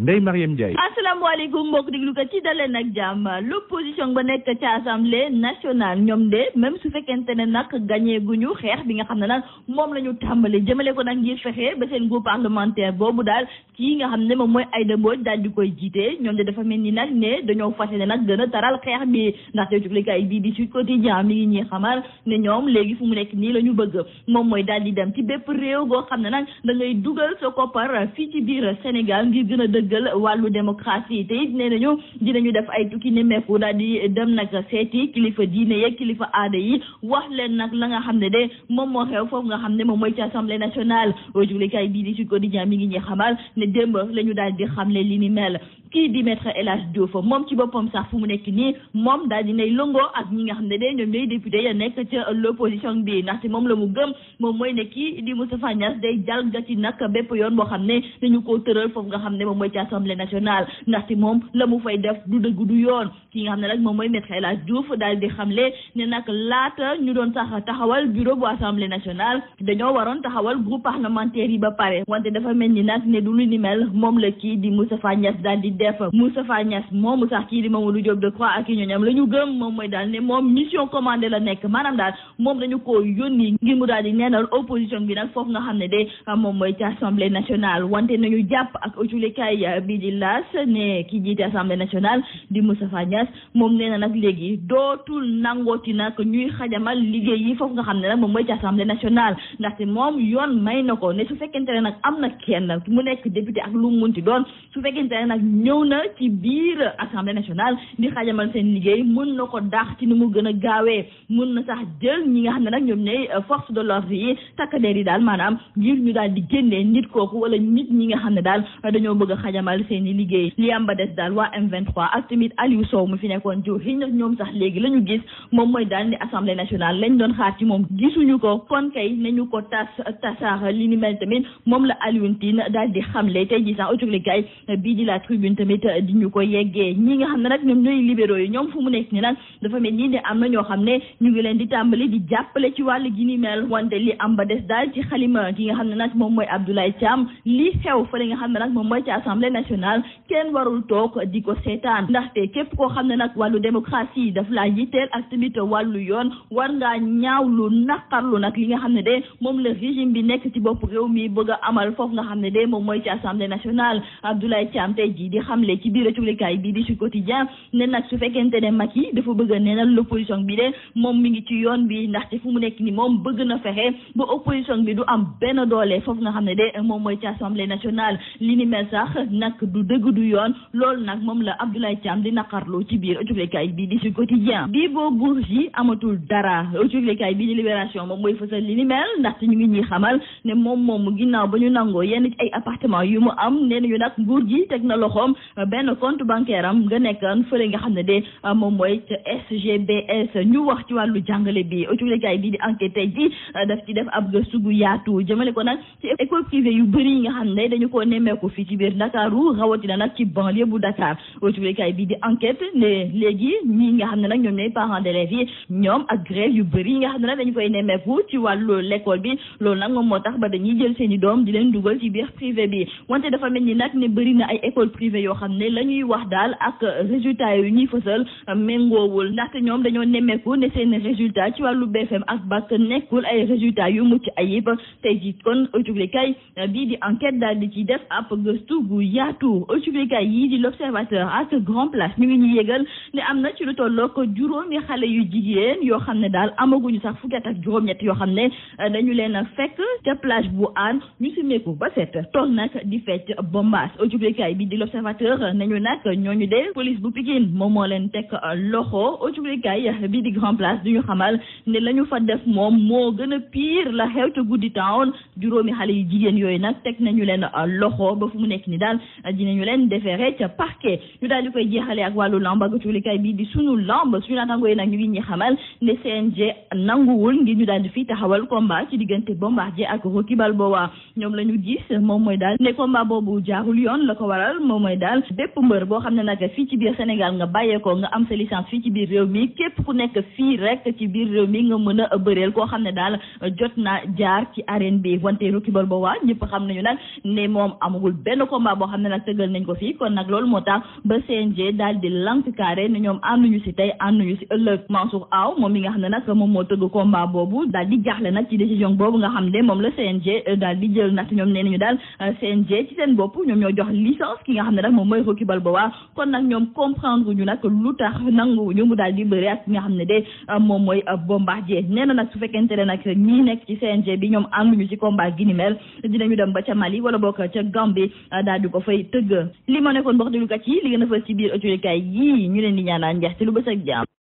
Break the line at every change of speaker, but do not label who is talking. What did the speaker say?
Ndeye Mariam Ndiaye asalaamaaleykum mbokk déglukat yi daleen ak jàmm l'opposition ba nekk ci assemblée national ñoom de même su fekkente ne nag gagné ñu xeex bi nga xam ne nag moom la ñu tàmbali jëmale ko nag ngir fexe ba seen groupe parlementaire boobu daal kii nga xam ne moom mooy Aïda Mbodj daal di koy jiite ñoom de dafa mel ni nag ne dañoo fas yéene nag gën a taral xeex bi ndaxte juglikaay bii di Sud Quotidien mi ngi ñuy xamal ne ñoom léegi fu mu nekk nii la ñu bëgg moom mooy daal di dem ci bépp réew goo xam ne nag da ngay dugal sa koppar fii ci biir Sénégal ngir gën a dëgg dëggal wàllu démocratie te it nee nañu dinañu def ay tukki nemmeeku daal di dem nag seeti kilifa diine yeeg kilifa aada yi wax leen nag la nga xam ne de moom moo xew nga xam ne moom mooy ci assemblée nationale juglekaay bii di Sud Quotidien mi ngi ñuy xamal ne démb la ñu daal di xamle li ni mel kii di maître El Hadj Diouf moom ci boppam sax mu nekk nii moom daal dinay lëngoo ak ñi nga ne de ñoom ñooy député ya nekk ca l'opposition la mu gëm moom mooy ne kii di Moustapha Niass day jalgati nag bépp yoon boo xam ne dañu koo tëral foofu nga xam ne moom mooy ci assemblée nationale ndaxte moom la mu fay def du dëgg du yoon ki nga xam ne nag moom mooy maître El Hadj Diouf daal di xamle ne nag laata yi ba pare wante dafa mel ni nag ne la kii di Moustapha Niass daal di def Moustapha Niass moomu sax kii la ñu gëm moom mooy daal ne la nekk maanaam daal moom dañu ko yónni ngir di neenal opposition bi nag foofu nga xam ne ci assemblée nationale wante nañu jàpp ak ucculikaay bi di laas ne ki jiite assemblée nationale di Moustapha Niass moom nee na nag léegi dootul nangooti nag ñuy xajamal liggéey yi foofu nga xam ne nag moom mooy ci assemblée nationale ndaxte moom yoon may na ko ne su fekkente ne nag am na kenn mu nekk député ak lu munti doon su fekkente ne nag ñëw na ci biir assemblée nationale di xajamal seen liggéey mën na ko daax ci ni mu gën a gaawee mun na sax jël ñi nga xam ne nag ñoom ñooy force de l'ordre yi takkadeer yi daal maanaam ngir ñu daal di a xajam ñamal seen i liggéey li am ba des daal waa M23 ak tamit Aliou Sow mu fi nekkoon jiw xiñ nag ñoom sax léegi la ñu gis moom mooy daal ni assemblée nationale lañ doon moom gisuñu ko kon kay nañu ko tas tasaar li ni mel tamit moom la Alioune bii di la tribune tamit di ñu ko yeggee ñi nga xam ne nag ñoom ñooy libéraux ñoom fu mu nekk ni nag dafa mel nii ne am na ñoo xam ne ñu ngi leen di tàmbali di jàppale ci wàllu gi ni mel wante li am des daal ci xalima ki nga xam ne nag assemblée nationale kenn warul toog a ko seetaan ndaxte képp koo xam ne nag wàllu démocratie daf laa yitteel ak tamit wàllu yoon war ngaa ñaaw lu naqarlu nag li nga xam ne de moom la bi nekk ci bopp réew mi bëgg a amal ne de moom mooy ci assemblée nationale Abdoulaye Thiam tey jii di xamle ci biir publicaay bii di Sud Quotidien ne nag su fekkente ne Macky dafa bëgg a neenal l'opposition bi de moom mi ngi ci yoon bi ndaxte fu mu nekk ni moom bëgg na fexe ba opposition bi du am benn doole foofu nga xam ne de moom mooy ci nag du dëgg du yoon loolu nag moom la Abdoulaye Thiam di naqarlu ci biir ëccuglekaay bii di si quotidien bii boo Bourgi amatul dara ëccuglekaay bii di libération moom mooy fësal li ni mel ndaxte ñu ngi ñuy xamal ne moom moom mu ginnaaw ba ñu nangoo yenn ci ay appartement yu mu am nee nañu nag nguur gi teg na loxoom benn compte bancaire am nga nekkoon fële nga xam ne de moom mooy ca SGBS ñu wax ci wàllu jàngale bi ëccuglekaay bi di enquête tey ji daf ci def ab gëstu gu yaatu jëmale ko nag ci école yu bëri yi nga xam ne dañu koo nemmeeku fii ci biir Dakar ndakaaru rawatina nag ci banlieue bu Dakar autolikaay ak moo tax ba dañuy jël seen i doom di leen dugal ci biir privé bi wante yoo xam ne la ñuy wax daal ak résultat yu ñuy fësal méngoowul ndaxte ñoom dañoo nemmeeku ne seen résultat ci wàllu BFM ak BAC nekkul ay résultat yu mucc ayib tey ji kon autolikaay bii di enquête daal di ci def ab gëstu gu yaatu ëccubekaay yii di l'observateur ak grand place mi ngi ñuy yëgal ne am na ci lu tolloog juróomi xale yu jigéen yoo xam ne daal amaguñu sax fukki ak juróom yoo xam ne euh, dañu leen a fekk ca plage bu aan ñu si ba set toog nag di fecc bombaas ëccubekaay bi di l'observateur nañu nag ñooñu de police bu moom moo leen teg euh, loxo ëccubekaay bi di grand place duñu xamal ne lañu fa def moom moo gën a pire la xew ca guddi juróomi xale yu jigéen yooyu nag teg nañu leen euh, loxo ba fu mu nekk ni daal a naan dinañu leen déféré ca parquet ñu daal di koy jeexale ak wàllu lamb ak cuulikaay bii di sunu lamb suñu naatangooy nag ñu ngi ñi xamal ne CNG nanguwul ngir ñu daal di fi taxawal combat ci diggante Bombardier ak Rocky Balboa ñoom la ñu gis moom mooy daal ne combat boobu jaarul yoon la ko waral moom mooy daal bépp mbër boo xam ne nag fii ci biir Sénégal nga bàyyeekoo nga am sa fii ci biir réew mi képp ku nekk fii rek ci biir réew mi nga mën a bëreel koo xam ne daal jot naa jaar ci arène bi wante Rocky Balboa ñëpp xam nañu nag ne moom amagul benn combat xam ne nag tëgal nañ ko fii kon nag loolu moo tax ba CNG daal di lank carré ne si tey ànduñu si ëllëg Mansour Aw moom mi nga xam ne nag moo tëgg combat boobu daal di jaaxle nag ci décision boobu nga xam ne moom la CNG euh, daal di jël nag ñoom nee nañu daal euh, CNG ci seen ñoo jox licence ki nga xam ne nag moom mooy Rocky Balboa kon nag ñoom comprendre ñu nag lu tax nanguwuñu mu daal di bëri ki nga xam ne de euh, moom mooy Bombardier nee na nag su fekkente ne nag ñii nekk ci CNG bi ñoom ànduñu ci gi ni mel dinañu dem ba ca Mali wala boog ca Gambie daal di ko ko fay tëgg li ma nekkoon mbox delu kat yi li gën a fës ci biir autorité yi ñu leen di ñaanal njeex ci lu bës ak